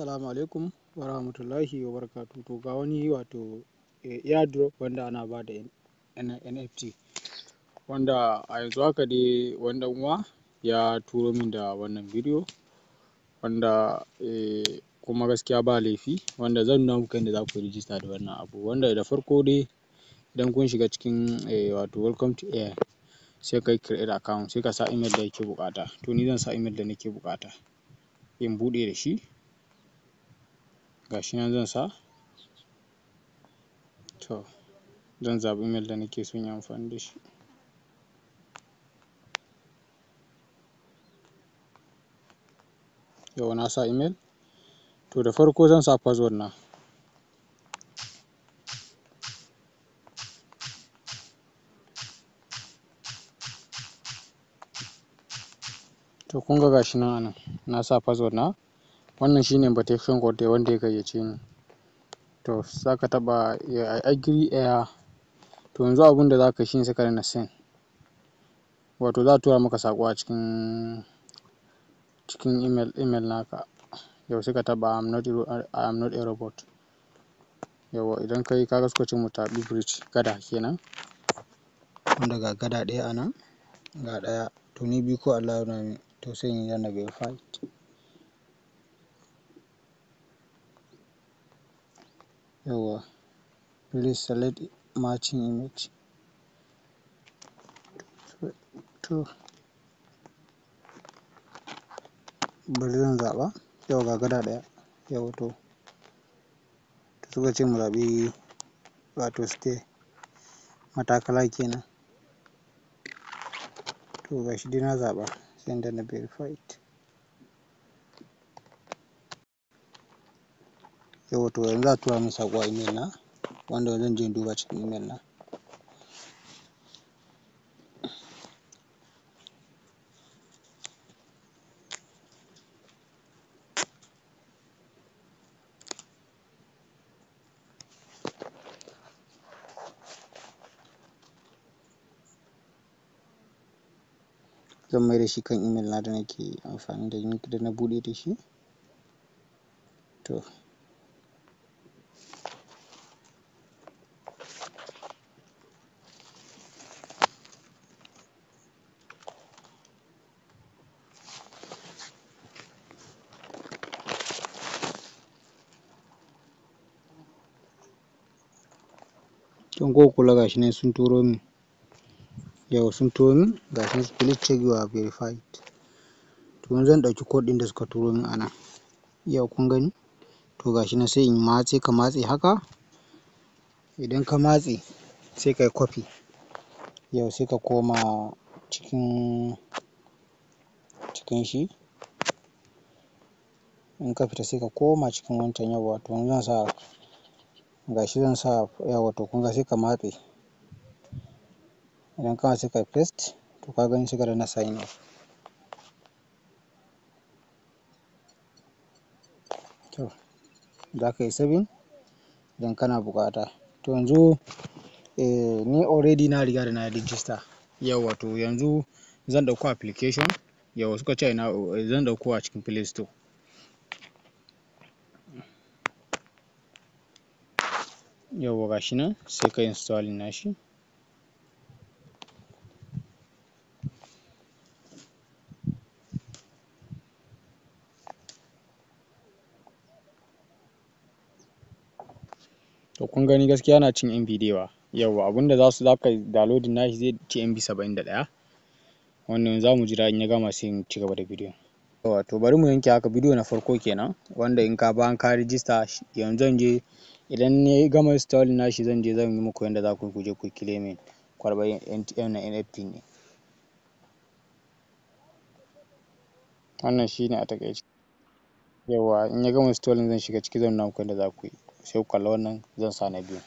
Assalamu alaikum wa rahmatullahi wa barakatu to ga wani wato eh, airdrop wanda ana ba da NFT wanda a yanzu haka dai wani uwa ya turo min da wannan bidiyo wanda eh, kuma gaskiya ba laifi wanda zan nuna muku yadda za ku rijista da wannan abu wanda da farko dai idan kun shiga cikin eh, wato welcome to AI sai ka yi create account sai ka sa email da kake buƙata to ni zan sa email da nake buƙata in buɗe da shi gashi nan zan sa to zan zaɓi email da nake son yi amfani da shi yau na sa email to da farko zan sa password na to kun ga gashi nan anan na sa password na wannan shine Batefen Gote wanda ya gayyace ni to zaka taɓa I agree eh to yanzu abunda zaka yi shine sai ka danna send wato a tura maka saƙo a cikin cikin email email naka yau sai ka taɓa not I am not a robot yawwa idan kai ka suka ce mu bi bridge gada kenan wanda ga gada ɗaya a nan ga ɗaya to ni biyu kawai Allah ya nuna min to sai in danna verified yauwa please select matching image to bari zan zaɓa yau ga gada ɗaya yau to suka ce mu zaɓi wato stay matakala kenan to gashi dai na zaɓa sai in danna Yau to yanzu za a tura min saƙo a email na wanda zan je in duba cikin email na. Zan mai da shi kan email na da nake amfani da na buɗe da shi. To. don ko kula shi nan sun turo min yau sun turo min gashi nan please check you are verified to yanzu zan ɗauki code ɗin da suka turo min ana yau kun gani to shi nan sai in matse ka matse haka idan ka matse sai kai copy yau sai ka koma cikin cikin shi in ka fita sai ka koma cikin wancan yauwa to yanzu zan sa gashi zan sa ya wato kun ga sai ka matse idan ka sai ka paste to ka gani sai ka na sign off to za ka yi saving idan kana bukata to yanzu eh ni already na riga da na register yau to yanzu zan ɗauko application yau suka ce ina zan ɗauko a cikin play store ga gashi nan sai kayi installing nashi to kun gani gaskiya yana cin MB da yawa za abunda zasu zaka downloading nashi zai ci MB saba'in da ɗaya wannan zamu jira in ya gama sai mu gaba da bidiyon yauwa to bari mu yanke haka bidiyo na farko kenan wanda in ka bayan ka register yanzu zanje idan na gama installing nashi zan je zan yi muku yadda za ku je ku claiming karɓar na NFT ne wannan ne a taƙaice yawa in ya gama installing zan shiga ciki zan nuna muku yadda za ku yi sai ku kalla wannan zan sa na biyu